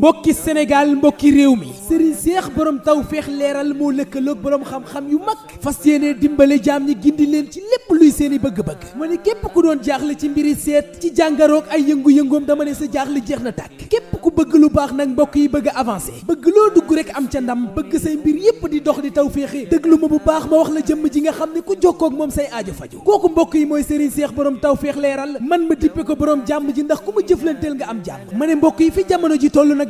mbokki Sénégal mbokki réew mi Serigne Cheikh borom taw feex leeral moo lëkkaloog borom xam-xam yu mag fas yéene dimbale jaam ñi gindi leen ci lépp luy seen i bëgg-bëgg ma ne képp ku doon jaaxle ci mbir yi seet ci jàngaroog ay yëngu-yëngoom dama ne sa jaaxle jeex na tàkk képp ku bëgg lu baax nag mbokk yi bëgg a bëgg loo dugg rek am ca ndam bëgg say mbir yépp di dox di taw féexe déglu ma bu baax ma wax la jëmm ji nga xam ne ku jokkoo ak moom say aajo kooku mbokk yi mooy Serigne Cheikh borom taw feex leeral man ma dippe ko borom jàmm ji ndax ku ma jëflanteel am jàmm ma ne mbokk yi fi jamono ji toll nag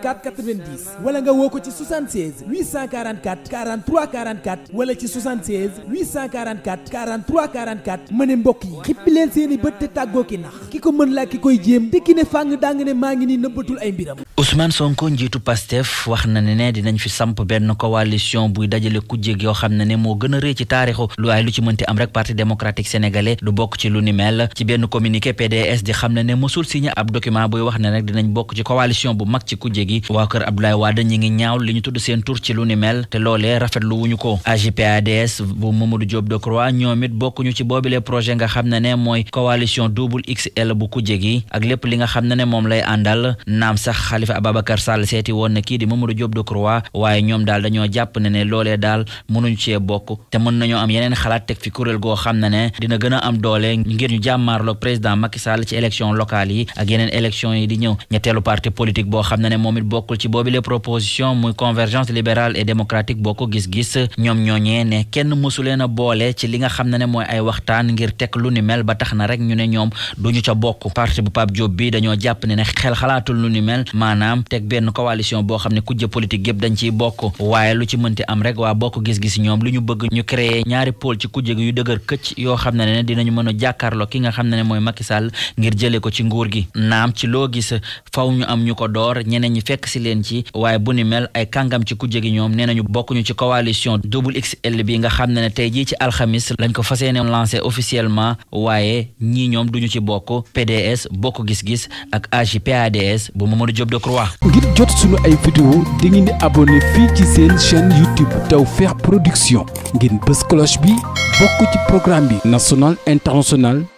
a 844 90 wala nga woo ko ci 76 844 43 44 wala ci 76 844 43 44 ma ne mbokk yi xippi leen seen bët te tàggoo ki nax ki ko mën laa ki koy jéem te ki ne fàng daa nga ne maa ngi nii nëbbatul ay mbiram. Ousmane Sonko njiitu Pastef wax na ne ne dinañ fi samp benn coalition buy dajale kujjeeg yoo xam ne ne moo gën a rëy ci taarixu lu waaye lu ci mënti am rek parti démocratique sénégalais du bokk ci lu ni mel ci benn communiqué PDS di xam ne ne mosul wax ne rek bokk ci bu mag ci gi waa kër Abdoulaye Wade ñi ngi ñaaw li ñu seen tur ci lu ni mel te loolee rafetlu wuñu ko AGPADS bu Mamadou Diop Decroix ñoom it bokkuñu ci boobile projet nga xam ne ne mooy coalition double XL bu kujje gi ak lépp li nga xam ne moom lay àndal naam sax Khalifa Ababacar Sall seeti woon na kii di Mamadou Diop Decroix waaye ñoom daal dañoo jàpp ne ne loolee daal mënuñu cee bokk te mën nañoo am yeneen xalaat teg fi kuréel goo xam ne ne dina gën a am doole ngir ñu jàmmaarloog président Macky Sall ci élection locale yi yi tamit bokkul ci boobi les proposition muy convergence libérale et démocratique bokk gis-gis ñoom ñooñee kenn mësu leen a boole ci li nga xam ne ne mooy ay waxtaan ngir teg lu ni mel ba tax na rek ñu ne ñoom duñu ca bokk parti bu Pape Diop bi dañoo jàpp ne ne xel xalaatul lu ni mel maanaam teg benn coalition boo xam ne kujje politique yëpp dañ ciy bokk waaye lu ci mënti am rek waa bokk gis-gis ñoom lu ñu bëgg ñu créer ñaari pôle ci kujje gi yu dëgër këcc yoo xam ne ne dinañu mën a jàkkaarloo ki nga xam ne ne mooy Macky Sall ngir jëlee ko ci nguur gi naam ci loo fekk si leen ci waaye bu ni mel ay kàngam ci kujje gi ñoom nee nañu bokkuñu ci coalition XXL bi nga xam ne ne tey jii ci alxamis lañ ko fas yéene lancé officiellement waaye ñii ñoom duñu ci bokk PDS bokk gis-gis ak AJ/PADS bu Mamadou Diop Decroix. ngir jot suñu ay vidéo di ngeen di abonné fii ci seen chaîne YouTube Tawfekh Production ngeen bës cloche bi bokk ci programme bi national international